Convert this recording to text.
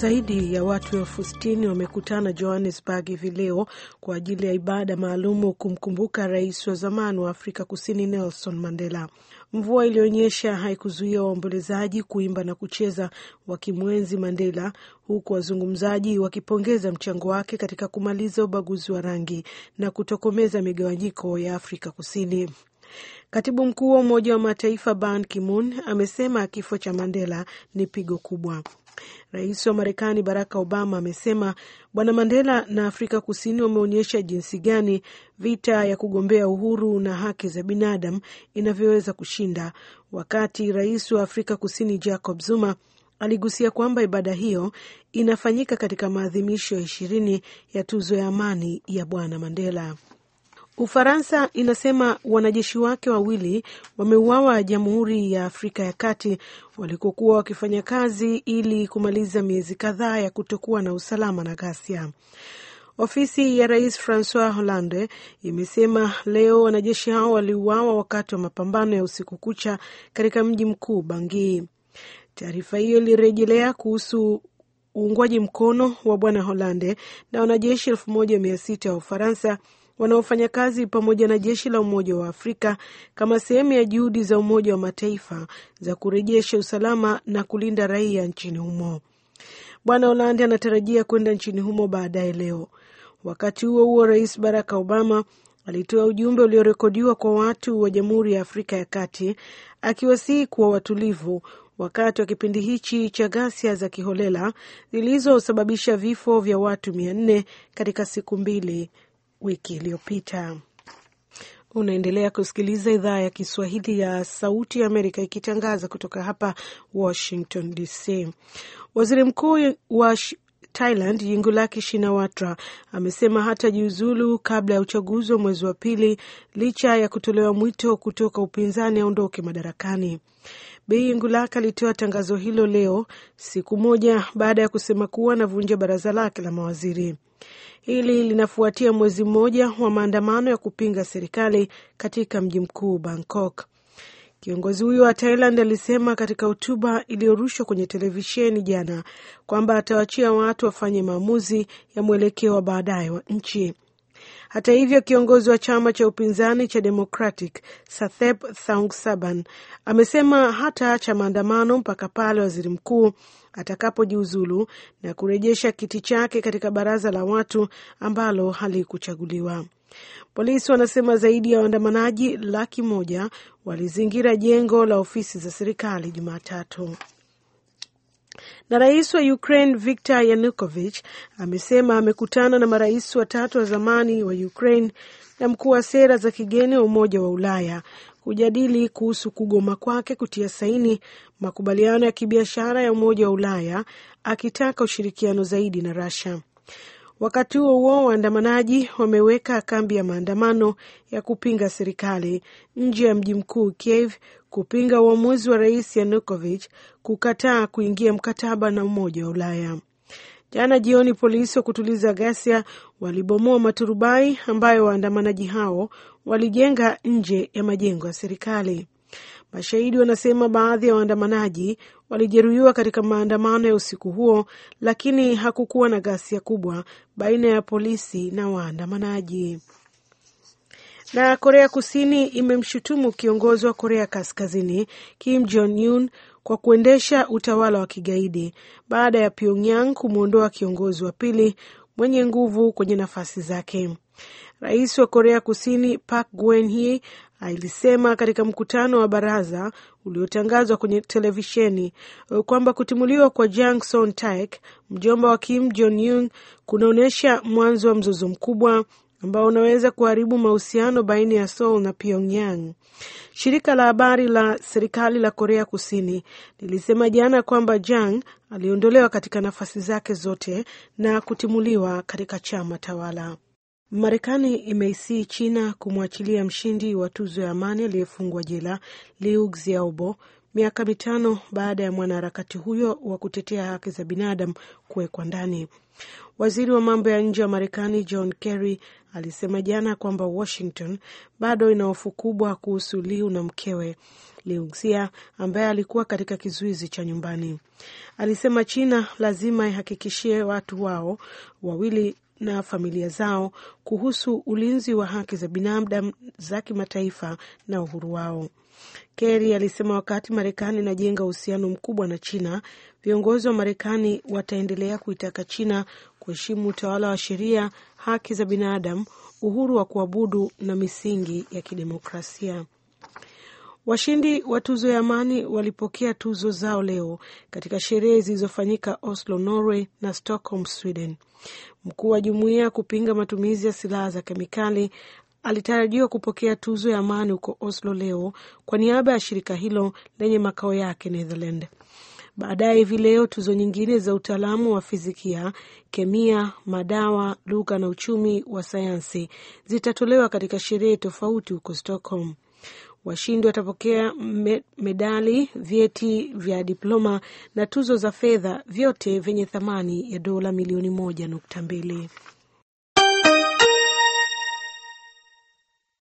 Zaidi ya watu elfu sitini wamekutana Johannesburg hivi leo kwa ajili ya ibada maalumu kumkumbuka rais wa zamani wa Afrika Kusini Nelson Mandela. Mvua iliyonyesha haikuzuia waombolezaji kuimba na kucheza wakimwenzi Mandela, huku wazungumzaji wakipongeza mchango wake katika kumaliza ubaguzi wa rangi na kutokomeza migawanyiko ya Afrika Kusini. Katibu mkuu wa Umoja wa Mataifa Ban Ki-moon amesema kifo cha Mandela ni pigo kubwa. Rais wa Marekani Barack Obama amesema Bwana Mandela na Afrika Kusini wameonyesha jinsi gani vita ya kugombea uhuru na haki za binadamu inavyoweza kushinda, wakati rais wa Afrika Kusini Jacob Zuma aligusia kwamba ibada hiyo inafanyika katika maadhimisho ya ishirini ya tuzo ya amani ya Bwana Mandela. Ufaransa inasema wanajeshi wake wawili wameuawa Jamhuri ya Afrika ya Kati walikokuwa wakifanya kazi ili kumaliza miezi kadhaa ya kutokuwa na usalama na ghasia. Ofisi ya Rais Francois Hollande imesema leo wanajeshi hao waliuawa wakati wa mapambano ya usiku kucha katika mji mkuu Bangui. Taarifa hiyo ilirejelea kuhusu uungwaji mkono wa Bwana Hollande na wanajeshi elfu moja mia sita wa Ufaransa wanaofanya kazi pamoja na jeshi la Umoja wa Afrika kama sehemu ya juhudi za Umoja wa Mataifa za kurejesha usalama na kulinda raia nchini humo. Bwana Hollande anatarajia kwenda nchini humo baadaye leo. Wakati huo huo, Rais Barack Obama alitoa ujumbe uliorekodiwa kwa watu wa Jamhuri ya Afrika ya Kati akiwasihi kuwa watulivu wakati wa kipindi hichi cha ghasia za kiholela zilizosababisha vifo vya watu mia nne katika siku mbili wiki iliyopita. Unaendelea kusikiliza idhaa ya Kiswahili ya Sauti ya Amerika ikitangaza kutoka hapa Washington DC. Waziri mkuu wa Thailand Yingluck Shinawatra amesema hatajiuzulu kabla ya uchaguzi wa mwezi wa pili licha ya kutolewa mwito kutoka upinzani aondoke madarakani. Bi Yingluck alitoa tangazo hilo leo siku moja baada ya kusema kuwa anavunja baraza lake la mawaziri. Hili linafuatia mwezi mmoja wa maandamano ya kupinga serikali katika mji mkuu Bangkok. Kiongozi huyo wa Thailand alisema katika hotuba iliyorushwa kwenye televisheni jana kwamba atawachia watu wafanye maamuzi ya mwelekeo wa baadaye wa nchi. Hata hivyo, kiongozi wa chama cha upinzani cha Democratic Sathep saban amesema hataacha maandamano mpaka pale waziri mkuu atakapojiuzulu na kurejesha kiti chake katika baraza la watu ambalo halikuchaguliwa. Polisi wanasema zaidi ya waandamanaji laki moja walizingira jengo la ofisi za serikali Jumatatu. Na rais wa Ukraine Viktor yanukovich amesema amekutana na marais watatu wa zamani wa Ukraine na mkuu wa sera za kigeni wa Umoja wa Ulaya kujadili kuhusu kugoma kwake kutia saini makubaliano ya kibiashara ya Umoja wa Ulaya akitaka ushirikiano zaidi na rusia Wakati huo huo, waandamanaji wameweka kambi ya maandamano ya kupinga serikali nje ya mji mkuu Kiev kupinga uamuzi wa rais yanukovich kukataa kuingia mkataba na Umoja wa Ulaya. Jana jioni, polisi wa kutuliza ghasia walibomoa maturubai ambayo waandamanaji hao walijenga nje ya majengo ya serikali. Mashahidi wanasema baadhi ya waandamanaji walijeruhiwa katika maandamano ya usiku huo, lakini hakukuwa na ghasia kubwa baina ya polisi na waandamanaji. Na Korea Kusini imemshutumu kiongozi wa Korea Kaskazini Kim Jong Un kwa kuendesha utawala wa kigaidi baada ya Pyongyang kumwondoa kiongozi wa pili mwenye nguvu kwenye nafasi zake. Rais wa Korea Kusini Park Geun-hye Ailisema katika mkutano wa baraza uliotangazwa kwenye televisheni uh, kwamba kutimuliwa kwa Jang Son Taek, mjomba wa Kim Jong Un, kunaonyesha mwanzo wa mzozo mkubwa ambao unaweza kuharibu mahusiano baina ya Seoul na Pyongyang. Shirika la habari la serikali la Korea Kusini lilisema jana kwamba Jang aliondolewa katika nafasi zake zote na kutimuliwa katika chama tawala. Marekani imeisii China kumwachilia mshindi wa tuzo ya amani aliyefungwa jela Liu Xiaobo miaka mitano baada ya mwanaharakati huyo wa kutetea haki za binadamu kuwekwa ndani. Waziri wa mambo ya nje wa Marekani John Kerry alisema jana kwamba Washington bado ina hofu kubwa kuhusu Liu na mkewe Liu Xia ambaye alikuwa katika kizuizi cha nyumbani. Alisema China lazima ihakikishie watu wao wawili na familia zao kuhusu ulinzi wa haki za binadamu za kimataifa na uhuru wao. Kerry alisema wakati Marekani inajenga uhusiano mkubwa na China, viongozi wa Marekani wataendelea kuitaka China kuheshimu utawala wa sheria, haki za binadamu, uhuru wa kuabudu na misingi ya kidemokrasia. Washindi wa tuzo ya amani walipokea tuzo zao leo katika sherehe zilizofanyika Oslo, Norway na Stockholm, Sweden. Mkuu wa jumuiya ya kupinga matumizi ya silaha za kemikali alitarajiwa kupokea tuzo ya amani huko Oslo leo kwa niaba ya shirika hilo lenye makao yake Netherland. Baadaye hivi leo tuzo nyingine za utaalamu wa fizikia, kemia, madawa, lugha na uchumi wa sayansi zitatolewa katika sherehe tofauti huko Stockholm. Washindi watapokea medali, vyeti vya diploma na tuzo za fedha, vyote vyenye thamani ya dola milioni moja nukta mbili.